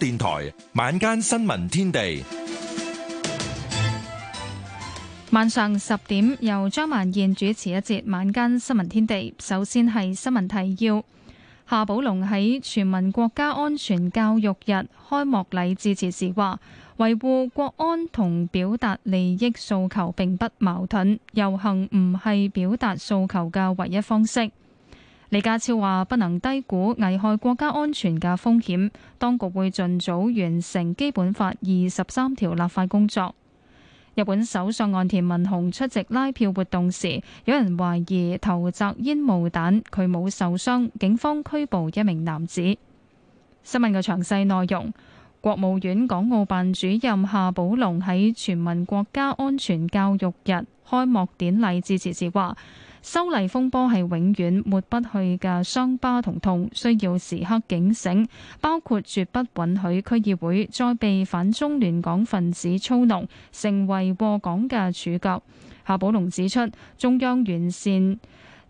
電台晚間新聞天地，晚上十點由張曼燕主持一節晚間新聞天地。首先係新聞提要：夏寶龍喺全民國家安全教育日開幕禮致辭時話，維護國安同表達利益訴求並不矛盾，遊行唔係表達訴求嘅唯一方式。李家超話：不能低估危害國家安全嘅風險，當局會盡早完成基本法二十三條立法工作。日本首相岸田文雄出席拉票活動時，有人懷疑投擲煙霧彈，佢冇受傷，警方拘捕一名男子。新聞嘅詳細內容，國務院港澳辦主任夏寶龍喺全民國家安全教育日開幕典禮致辭時話。修例風波係永遠抹不去嘅傷疤同痛，需要時刻警醒，包括絕不允許區議會再被反中聯港分子操弄，成為禍港嘅主角。夏寶龍指出，中央完善。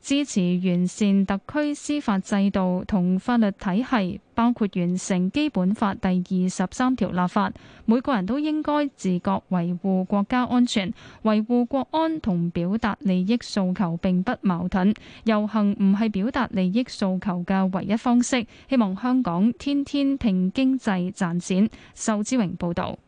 支持完善特區司法制度同法律體系，包括完成《基本法》第二十三條立法。每個人都應該自覺維護國家安全、維護國安同表達利益訴求並不矛盾。遊行唔係表達利益訴求嘅唯一方式。希望香港天天拼經濟賺錢。仇志榮報導。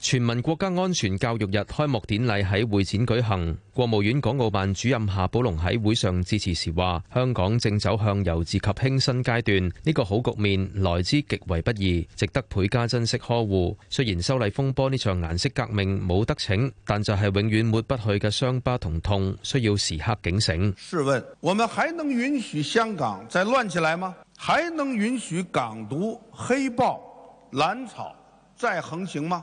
全民國家安全教育日開幕典禮喺會展舉行。國務院港澳辦主任夏寶龍喺會上致辭時話：香港正走向由治及興新階段，呢、這個好局面來之極為不易，值得倍加珍惜呵護。雖然修例風波呢場顏色革命冇得逞，但就係永遠抹不去嘅傷疤同痛，需要時刻警醒。試問，我們還能允許香港再亂起來嗎？還能允許港獨、黑暴、攬炒再橫行嗎？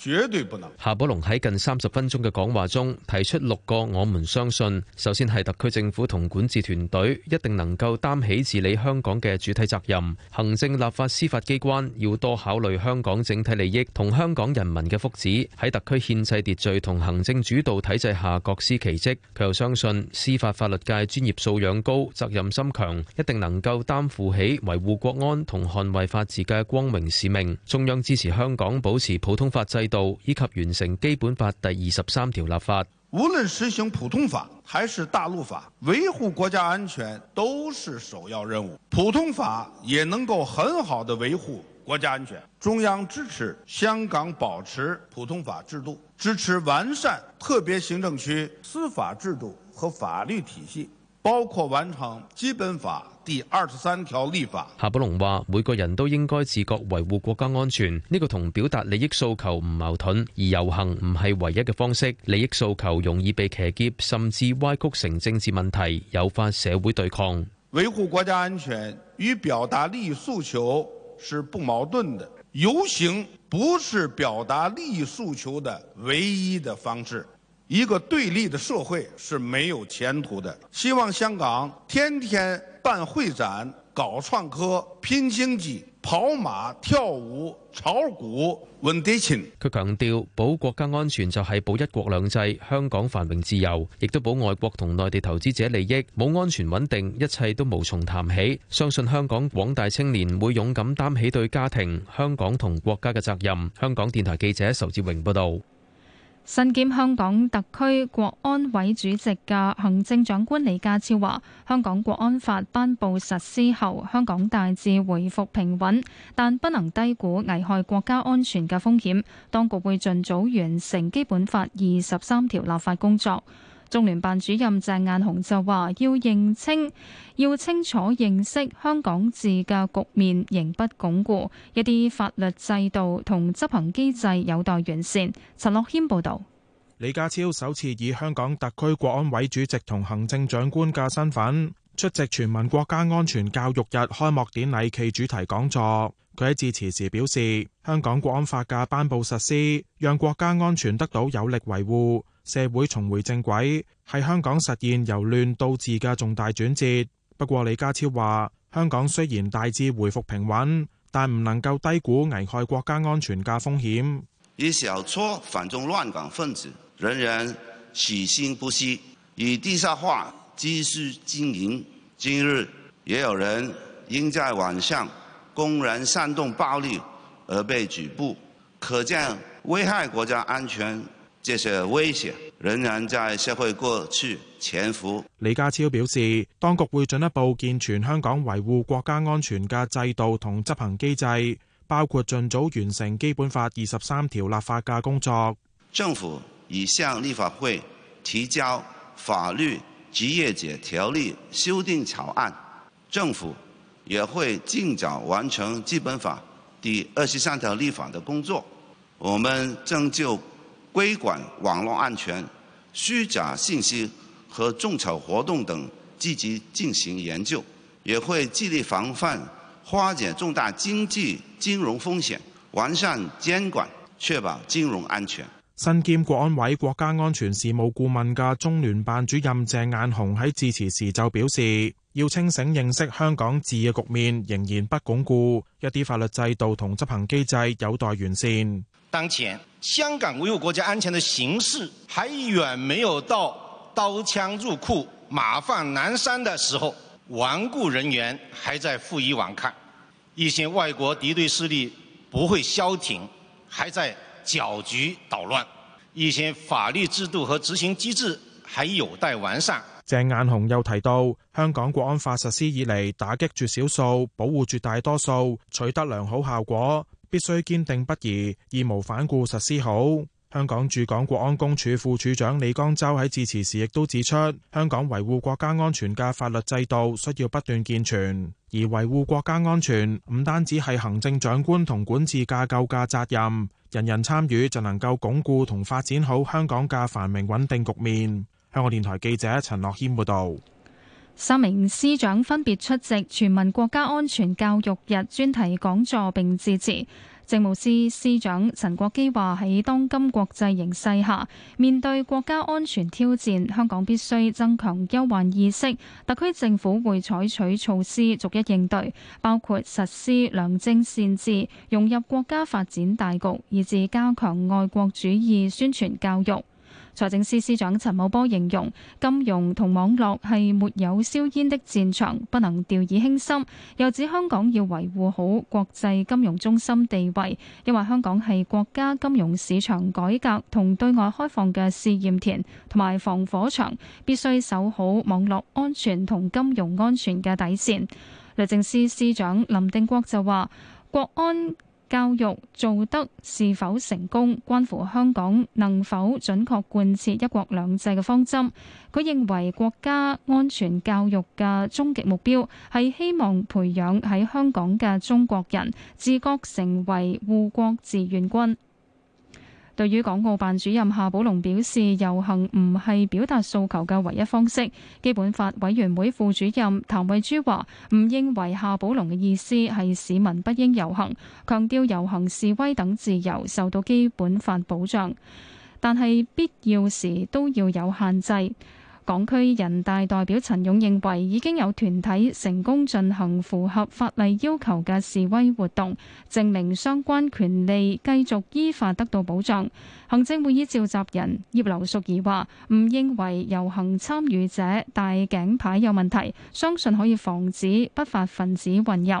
絕對不能。夏寶龍喺近三十分鐘嘅講話中，提出六個我們相信。首先係特區政府同管治團隊一定能夠擔起治理香港嘅主體責任。行政、立法、司法機關要多考慮香港整體利益同香港人民嘅福祉。喺特區憲制秩序同行政主導體制下，各司其職。佢又相信司法法律界專業素養高、責任心強，一定能夠擔負起維護國安同捍衛法治嘅光明使命。中央支持香港保持普通法制度以及完成基本法第二十三條立法。無論實行普通法還是大陸法，維護國家安全都是首要任務。普通法也能夠很好的維護國家安全。中央支持香港保持普通法制度，支持完善特別行政區司法制度和法律體系，包括完成基本法。第二十三條立法。夏寶龍話：每個人都應該自覺維護國家安全，呢個同表達利益訴求唔矛盾。而遊行唔係唯一嘅方式，利益訴求容易被騎劫，甚至歪曲成政治問題，誘發社會對抗。維護國家安全與表達利益訴求是不矛盾的。遊行不是表達利益訴求的唯一的方式。一個對立的社會是沒有前途的。希望香港天天。辦會展、搞創科、拼經濟、跑馬、跳舞、炒股、溫笛。佢強調，保國家安全就係保一國兩制、香港繁榮自由，亦都保外國同內地投資者利益。冇安全穩定，一切都無從談起。相信香港廣大青年會勇敢擔起對家庭、香港同國家嘅責任。香港電台記者仇志榮報道。身兼香港特區國安委主席嘅行政長官李家超話：香港國安法頒布實施後，香港大致回復平穩，但不能低估危害國家安全嘅風險。當局會盡早完成基本法二十三條立法工作。中聯辦主任鄭雁雄就話，要認清，要清楚認識香港治嘅局面仍不鞏固，一啲法律制度同執行機制有待完善。陳樂謙報道。李家超首次以香港特區國安委主席同行政長官嘅身份出席全民國家安全教育日開幕典禮暨主題講座。佢喺致辭時表示，香港國安法嘅頒布實施，讓國家安全得到有力維護。社會重回正軌係香港實現由亂到治嘅重大轉折。不過李家超話，香港雖然大致回復平穩，但唔能夠低估危害國家安全嘅風險。一小撮反中亂港分子仍然持心不息，以地下化繼續經營。今日也有人因在晚上公然煽動暴力而被拘捕，可見危害國家安全。這些危險仍然在社會過去潛伏。李家超表示，當局會進一步健全香港維護國家安全嘅制度同執行機制，包括盡早完成基本法二十三條立法嘅工作。政府已向立法會提交法律執業者條例修訂草案，政府也會盡早完成基本法第二十三條立法的工作。我們正就。規管網絡安全、虛假信息和眾籌活動等，積極進行研究，也會致力防範、化解重大經濟金融風險，完善監管，確保金融安全。身兼國安委國家安全事務顧問嘅中聯辦主任鄭雁雄喺致辭時就表示，要清醒認識香港治嘅局面仍然不鞏固，一啲法律制度同執行機制有待完善。當前香港維護國家安全的形勢還遠沒有到刀槍入庫、馬放南山的時候，頑固人員還在負隅頑抗，一些外國敵對勢力不會消停，還在攪局搗亂，一些法律制度和執行機制還有待完善。鄭雁雄又提到，香港國安法實施以來，打擊絕少數，保護絕大多數，取得良好效果。必須堅定不移、義無反顧實施好。香港駐港國安公署副署長李江洲喺致辭時亦都指出，香港維護國家安全嘅法律制度需要不斷健全，而維護國家安全唔單止係行政長官同管治架構嘅責任，人人參與就能夠鞏固同發展好香港嘅繁榮穩定局面。香港電台記者陳樂謙報道。三名司長分別出席全民國家安全教育日專題講座並致辭。政務司司長陳國基話：喺當今國際形勢下，面對國家安全挑戰，香港必須增強憂患意識，特區政府會採取措施逐一應對，包括實施良政善治，融入國家發展大局，以至加強愛國主義宣傳教育。財政司司長陳茂波形容金融同網絡係沒有硝煙的戰場，不能掉以輕心。又指香港要維護好國際金融中心地位，亦話香港係國家金融市場改革同對外開放嘅試驗田同埋防火牆，必須守好網絡安全同金融安全嘅底線。律政司司長林定國就話國安教育做得是否成功，關乎香港能否準確貫徹一國兩制嘅方針，佢認為國家安全教育嘅終極目標，係希望培養喺香港嘅中國人，自覺成為護國志願軍。對於港澳辦主任夏寶龍表示，遊行唔係表達訴求嘅唯一方式。基本法委員會副主任譚慧珠話，唔認為夏寶龍嘅意思係市民不應遊行，強調遊行示威等自由受到基本法保障，但係必要時都要有限制。港區人大代表陳勇認為，已經有團體成功進行符合法例要求嘅示威活動，證明相關權利繼續依法得到保障。行政會議召集人葉劉淑儀話，唔認為遊行參與者戴頸牌有問題，相信可以防止不法分子混入。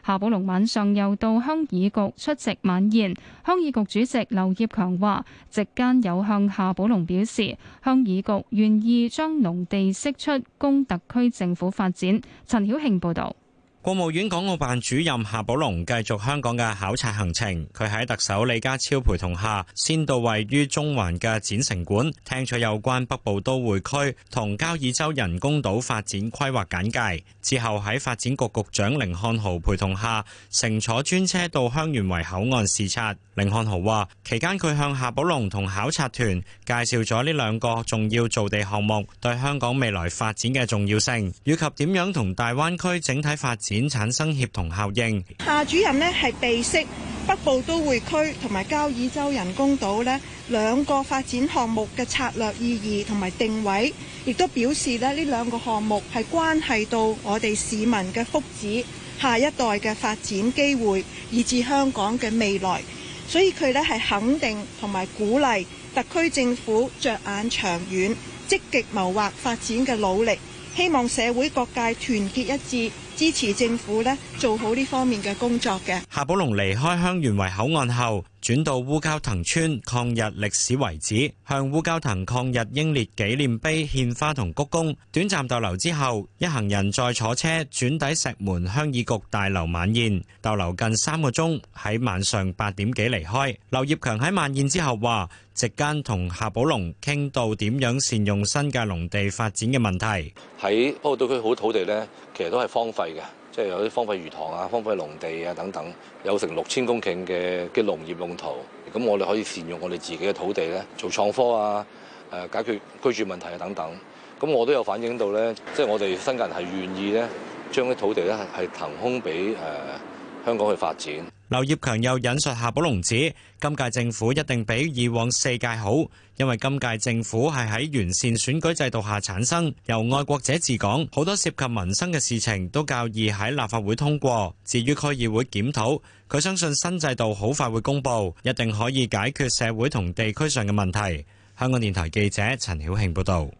夏寶龍晚上又到鄉議局出席晚宴，鄉議局主席劉業強話，席間有向夏寶龍表示，鄉議局願意將農地釋出供特區政府發展。陳曉慶報道。國務院港澳辦主任夏寶龍繼續香港嘅考察行程，佢喺特首李家超陪同下，先到位於中環嘅展城館，聽取有關北部都會區同交椅洲人工島發展規劃簡介。之後喺發展局局長甯漢豪陪同下，乘坐專車到香園圍口岸視察。甯漢豪話：期間佢向夏寶龍同考察團介紹咗呢兩個重要造地項目對香港未來發展嘅重要性，以及點樣同大灣區整體發展。免產生協同效應。夏主任呢係備悉北部都會區同埋交椅洲人工島呢兩個發展項目嘅策略意義同埋定位，亦都表示咧呢兩個項目係關係到我哋市民嘅福祉、下一代嘅發展機會，以至香港嘅未來。所以佢呢係肯定同埋鼓勵特區政府着眼長遠，積極謀劃發展嘅努力，希望社會各界團結一致。支持政府咧做好呢方面嘅工作嘅。夏寶龍離開香園圍口岸後，轉到烏蛟騰村抗日歷史遺址，向烏蛟騰抗日英烈紀念碑獻花同鞠躬。短暫逗留之後，一行人再坐車轉抵石門鄉議局大樓晚宴，逗留近三個鐘，喺晚上八點幾離開。劉業強喺晚宴之後話。席間同夏寶龍傾到點樣善用新界農地發展嘅問題。喺不過對佢好土地咧，其實都係荒廢嘅，即係有啲荒廢魚塘啊、荒廢農地啊等等，有成六千公頃嘅嘅農業用途。咁我哋可以善用我哋自己嘅土地咧，做創科啊，誒、呃，解決居住問題啊等等。咁我都有反映到咧，即係我哋新界人係願意咧，將啲土地咧係騰空俾誒。呃香港去發展。劉業強又引述夏寶龍指，今屆政府一定比以往四屆好，因為今屆政府係喺完善選舉制度下產生，由愛國者治港，好多涉及民生嘅事情都較易喺立法會通過。至於區議會檢討，佢相信新制度好快會公布，一定可以解決社會同地區上嘅問題。香港電台記者陳曉慶報道。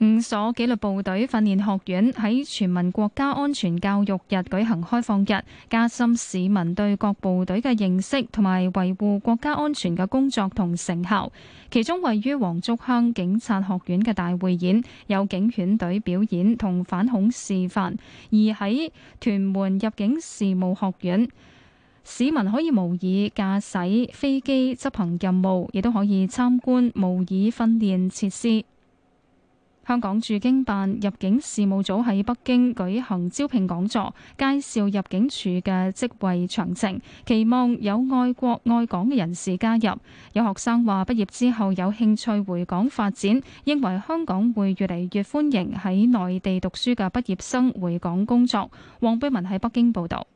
五所紀律部隊訓練學院喺全民國家安全教育日舉行開放日，加深市民對各部隊嘅認識同埋維護國家安全嘅工作同成效。其中位於黃竹坑警察學院嘅大會演有警犬隊表演同反恐示範，而喺屯門入境事務學院，市民可以模擬駕駛飛機執行任務，亦都可以參觀模擬訓練設施。香港駐京辦入境事務組喺北京舉行招聘講座，介紹入境處嘅職位詳情，期望有愛國愛港嘅人士加入。有學生話：畢業之後有興趣回港發展，認為香港會越嚟越歡迎喺內地讀書嘅畢業生回港工作。黃碧文喺北京報道，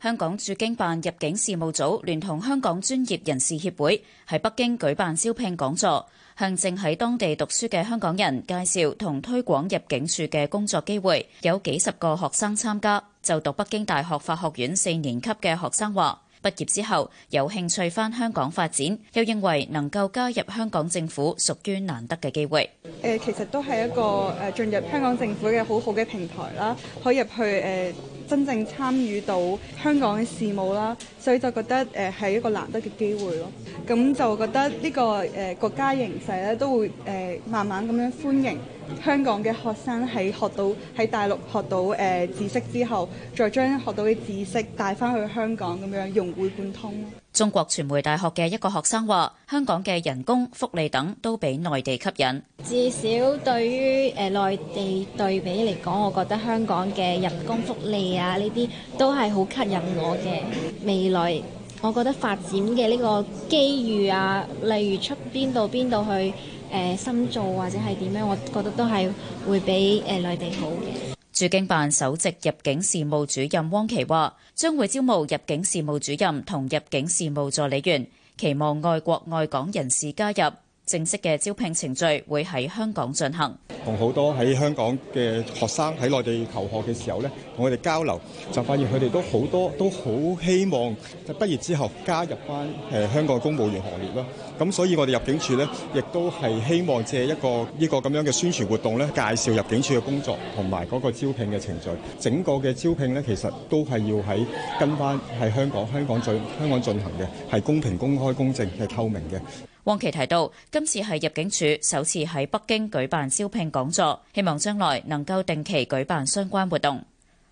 香港駐京辦入境事務組聯同香港專業人士協會喺北京舉辦招聘講座。向正喺當地讀書嘅香港人介紹同推廣入境處嘅工作機會，有幾十個學生參加。就讀北京大學法學院四年級嘅學生話。畢業之後有興趣返香港發展，又認為能夠加入香港政府屬於難得嘅機會。誒，其實都係一個誒進入香港政府嘅好好嘅平台啦，可以入去誒真正參與到香港嘅事務啦，所以就覺得誒係一個難得嘅機會咯。咁就覺得呢個誒國家形勢咧都會誒慢慢咁樣歡迎。香港嘅學生喺學到喺大陸學到誒、呃、知識之後，再將學到嘅知識帶返去香港咁樣融會貫通。中國傳媒大學嘅一個學生話：香港嘅人工、福利等都比內地吸引。至少對於誒、呃、內地對比嚟講，我覺得香港嘅人工、福利啊呢啲都係好吸引我嘅。未來我覺得發展嘅呢個機遇啊，例如出邊度邊度去。誒，新做或者係點樣，我覺得都係會比誒內地好嘅。駐京辦首席入境事務主任汪琪話：將會招募入境事務主任同入境事務助理員，期望愛國愛港人士加入。正式嘅招聘程序會喺香港進行。同好多喺香港嘅學生喺內地求學嘅時候咧，同佢哋交流，就發現佢哋都好多都好希望就畢業之後加入翻誒香港公務員行列啦。咁所以我哋入境處咧，亦都係希望借一個呢個咁樣嘅宣傳活動咧，介紹入境處嘅工作同埋嗰個招聘嘅程序。整個嘅招聘咧，其實都係要喺跟翻喺香港香港進香港香港進行嘅，係公平、公開、公正，係透明嘅。汪琪提到，今次係入境處首次喺北京舉辦招聘講座，希望將來能夠定期舉辦相關活動。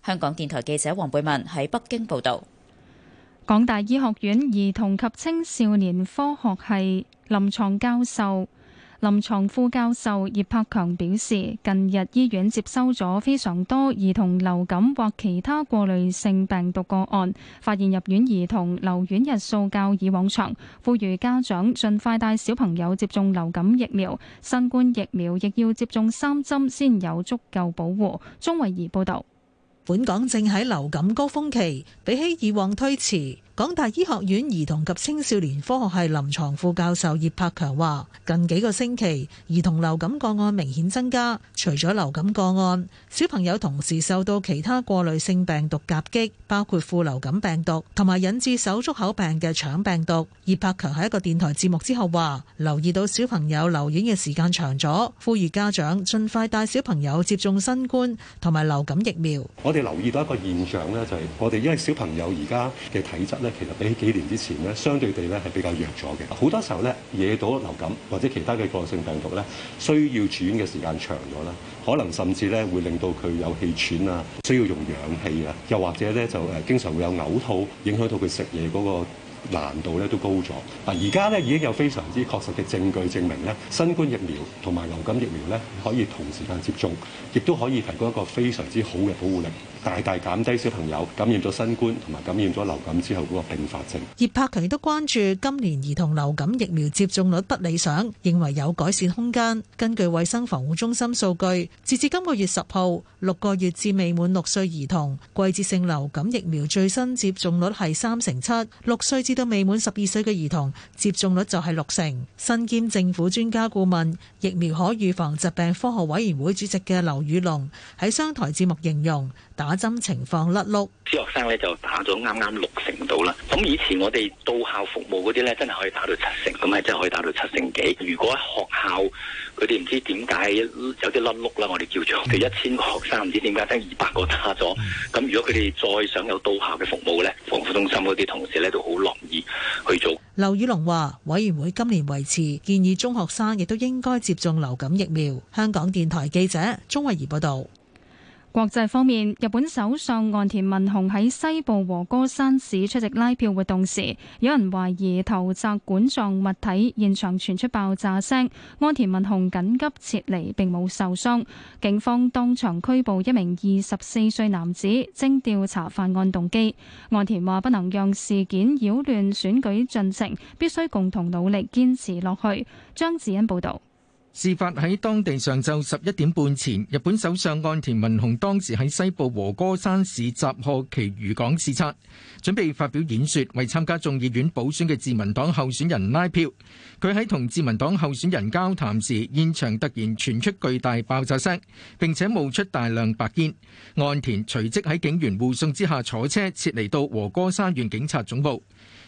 香港電台記者黃貝文喺北京報道。港大醫學院兒童及青少年科學系臨床教授、臨床副教授葉柏強表示，近日醫院接收咗非常多兒童流感或其他過濾性病毒個案，發現入院兒童留院日數較以往長，呼籲家長盡快帶小朋友接種流感疫苗、新冠疫苗，亦要接種三針先有足夠保護。鍾維儀報道，本港正喺流感高峰期，比起以往推遲。港大醫學院兒童及青少年科學系臨床副教授葉柏強話，近幾個星期兒童流感個案明顯增加，除咗流感個案，小朋友同時受到其他過濾性病毒夾擊，包括副流感病毒同埋引致手足口病嘅腸病毒。葉柏強喺一個電台節目之後話，留意到小朋友留院嘅時間長咗，呼籲家長盡快帶小朋友接種新冠同埋流感疫苗。我哋留意到一個現象咧，就係我哋因為小朋友而家嘅體質咧。其實比起幾年之前咧，相對地咧係比較弱咗嘅。好多時候咧，惹到流感或者其他嘅個性病毒咧，需要住院嘅時間長咗啦，可能甚至咧會令到佢有氣喘啊，需要用氧氣啊，又或者咧就誒經常會有嘔吐，影響到佢食嘢嗰、嗰個。難度咧都高咗。嗱，而家咧已經有非常之確實嘅證據證明咧，新冠疫苗同埋流感疫苗咧可以同時間接種，亦都可以提供一個非常之好嘅保護力，大大減低小朋友感染咗新冠同埋感染咗流感之後嗰個併發症。葉柏強亦都關注今年兒童流感疫苗接種率不理想，認為有改善空間。根據衛生防護中心數據，截至今個月十號，六個月至未滿六歲兒童季節性流感疫苗最新接種率係三成七，六歲至到未滿十二歲嘅兒童接種率就係六成。身兼政府專家顧問、疫苗可預防疾病科學委員會主席嘅劉宇龍喺商台節目形容打針情況甩碌，啲學生呢就打咗啱啱六成度啦。咁以前我哋到校服務嗰啲呢，真係可以打到七成，咁係真係可以打到七成幾。如果喺學校佢哋唔知點解有啲甩碌啦，我哋叫做佢一千個學生唔知點解得二百個打咗。咁如果佢哋再想有到校嘅服務呢，防護中心嗰啲同事咧都好落。去做。劉宇龍話，委員會今年維持建議中學生亦都應該接種流感疫苗。香港電台記者鍾慧儀報道。國際方面，日本首相岸田文雄喺西部和歌山市出席拉票活動時，有人懷疑投擲管狀物體，現場傳出爆炸聲。岸田文雄緊急撤離並冇受傷，警方當場拘捕一名二十四歲男子，正調查犯案動機。岸田話：不能讓事件擾亂選舉進程，必須共同努力堅持落去。張智恩報導。事發喺當地上晝十一點半前，日本首相岸田文雄當時喺西部和歌山市雜賀崎漁港視察，準備發表演說，為參加眾議院補選嘅自民黨候選人拉票。佢喺同自民黨候選人交談時，現場突然傳出巨大爆炸聲，並且冒出大量白煙。岸田隨即喺警員護送之下，坐車撤離到和歌山縣警察總部。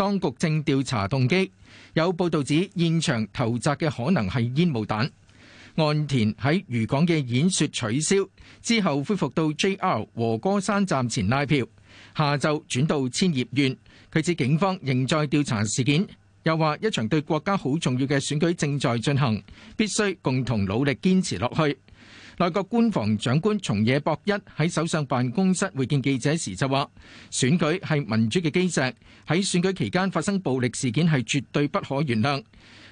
當局正調查動機，有報道指現場投擲嘅可能係煙霧彈。岸田喺漁港嘅演說取消之後，恢復到 JR 和歌山站前拉票，下晝轉到千葉縣。佢指警方仍在調查事件，又話一場對國家好重要嘅選舉正在進行，必須共同努力堅持落去。內閣官房長官松野博一喺首相辦公室會見記者時就話，選舉係民主嘅基石，喺選舉期間發生暴力事件係絕對不可原諒。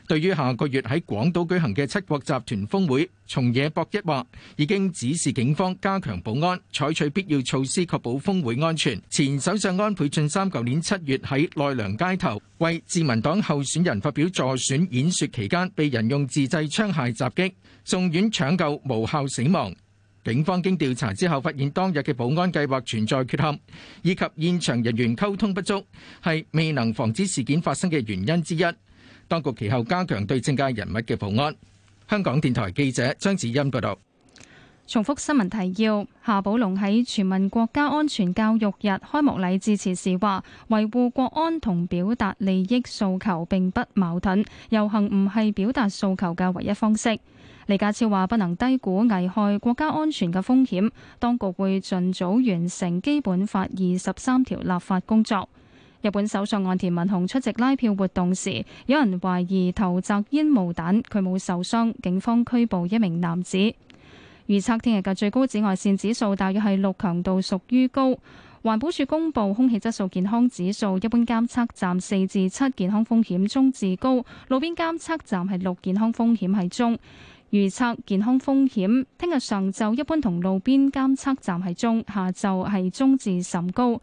對於下個月喺廣島舉行嘅七國集團峰會，松野博一話已經指示警方加強保安，採取必要措施確保峰會安全。前首相安倍晉三舊年七月喺奈良街頭為自民黨候選人發表助選演說期間，被人用自製槍械襲擊，送院搶救無效死亡。警方經調查之後發現，當日嘅保安計劃存在缺陷，以及現場人員溝通不足，係未能防止事件發生嘅原因之一。當局其後加強對政界人物嘅保安。香港電台記者張子欣報道。重複新聞提要：夏寶龍喺全民國家安全教育日開幕禮致辭時話，維護國安同表達利益訴求並不矛盾。遊行唔係表達訴求嘅唯一方式。李家超話不能低估危害國家安全嘅風險，當局會盡早完成基本法二十三條立法工作。日本首相岸田文雄出席拉票活動時，有人懷疑投擲煙霧彈，佢冇受傷。警方拘捕一名男子。預測聽日嘅最高紫外線指數大約係六，強度屬於高。環保署公布空氣質素健康指數，一般監測站四至七，健康風險中至高；路邊監測站係六，健康風險係中。預測健康風險聽日上晝一般同路邊監測站係中，下晝係中至甚高。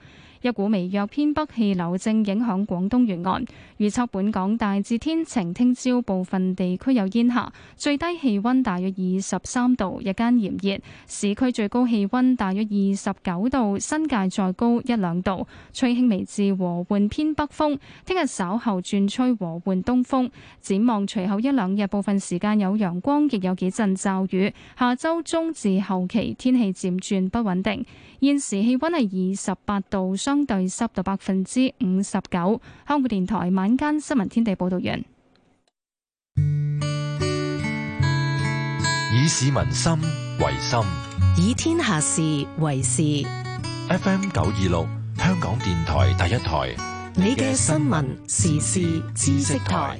一股微弱偏北氣流正影響廣東沿岸，預測本港大致天晴，聽朝部分地區有煙霞，最低氣溫大約二十三度，日間炎熱，市區最高氣溫大約二十九度，新界再高一兩度，吹輕微至和緩偏北風，聽日稍後轉吹和緩東風，展望隨後一兩日部分時間有陽光，亦有幾陣驟雨，下周中至後期天氣漸轉不穩定，現時氣溫係二十八度。相對濕度百分之五十九。香港電台晚間新聞天地報道員。以市民心為心，以天下事為事。FM 九二六，香港電台第一台，你嘅新聞時事知識台。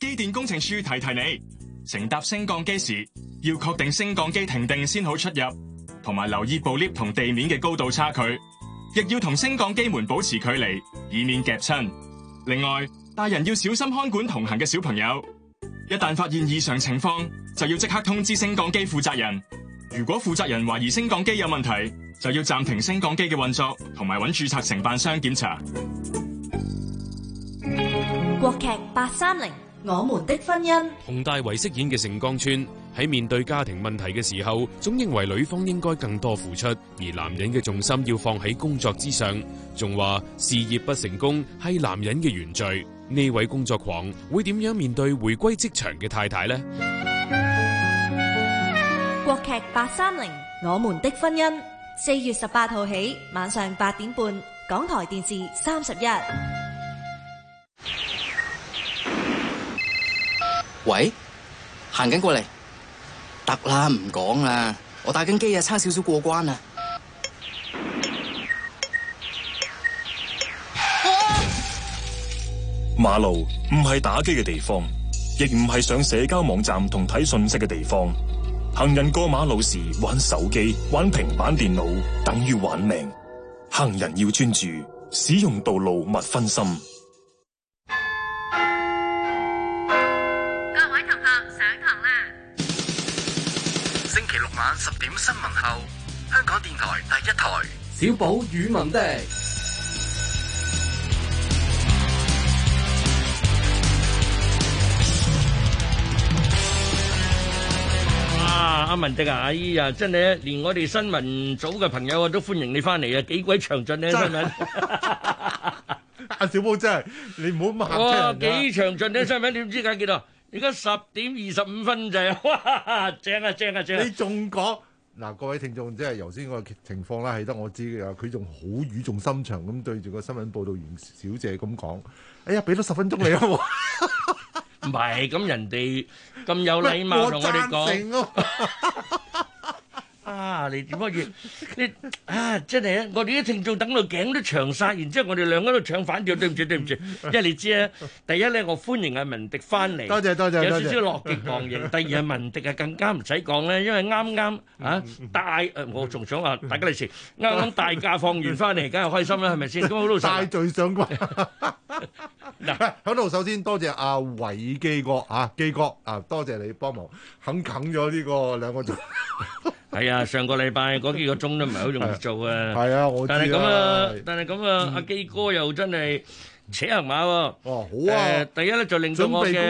機電工程署提提你：乘搭升降機時，要確定升降機停定先好出入，同埋留意部 lift 同地面嘅高度差距，亦要同升降機門保持距離，以免夾親。另外，大人要小心看管同行嘅小朋友。一旦發現異常情況，就要即刻通知升降機負責人。如果負責人懷疑升降機有問題，就要暫停升降機嘅運作，同埋搵註冊承辦商檢查。國劇八三零我們的婚姻，洪大為飾演嘅盛江川，喺面對家庭問題嘅時候，總認為女方應該更多付出，而男人嘅重心要放喺工作之上，仲話事業不成功係男人嘅原罪。呢位工作狂會點樣面對回歸職場嘅太太呢？國劇八三零我們的婚姻，四月十八號起，晚上八點半，港台電視三十一。喂，行緊過嚟，得啦，唔講啦，我打緊機啊，差少少過關啊。馬路唔係打機嘅地方，亦唔係上社交網站同睇信息嘅地方。行人過馬路時玩手機、玩平板電腦，等於玩命。行人要專注，使用道路勿分心。新聞後，香港電台第一台，小寶與文迪。啊，阿文迪啊，哎呀，真係連我哋新聞組嘅朋友啊，都歡迎你翻嚟啊！幾鬼詳盡呢？新聞。阿小寶真係，你唔好咁喊添。哇、哦，幾詳盡咧，新聞 你、啊？點知解知道多？而家十點二十五分就，哇、 啊，正啊，正啊，正啊！你仲講？嗱，各位聽眾，即係頭先個情況啦，係得我知嘅。佢仲好語重心長咁對住個新聞報導員小姐咁講：哎呀，俾多十分鐘你啊！唔係，咁人哋咁有禮貌同我哋講。啊！你點乜嘢？你啊，真係啊！我哋啲聽眾等到頸都長晒，然之後我哋兩個喺度唱反調，對唔住對唔住。因為你知啊，第一咧我歡迎阿文迪翻嚟，多謝點點多謝，有少少樂極忘形。第二阿文迪係更加唔使講咧，因為啱啱啊、嗯嗯、大，呃、我仲想話大家嚟時啱啱大假放完翻嚟，梗係開心啦，係咪先？咁好多謝最上勵嗱，喺度首先多謝阿維記哥嚇、啊，記哥啊，多謝你幫忙，肯啃咗呢個兩個字。 係啊、 哎，上個禮拜嗰幾個鐘都唔係好容易做 啊。係啊，但係咁啊，但係咁啊，啊嗯、阿基哥又真係扯硬馬哦、啊，好啊。呃、第一咧就令到我嘅。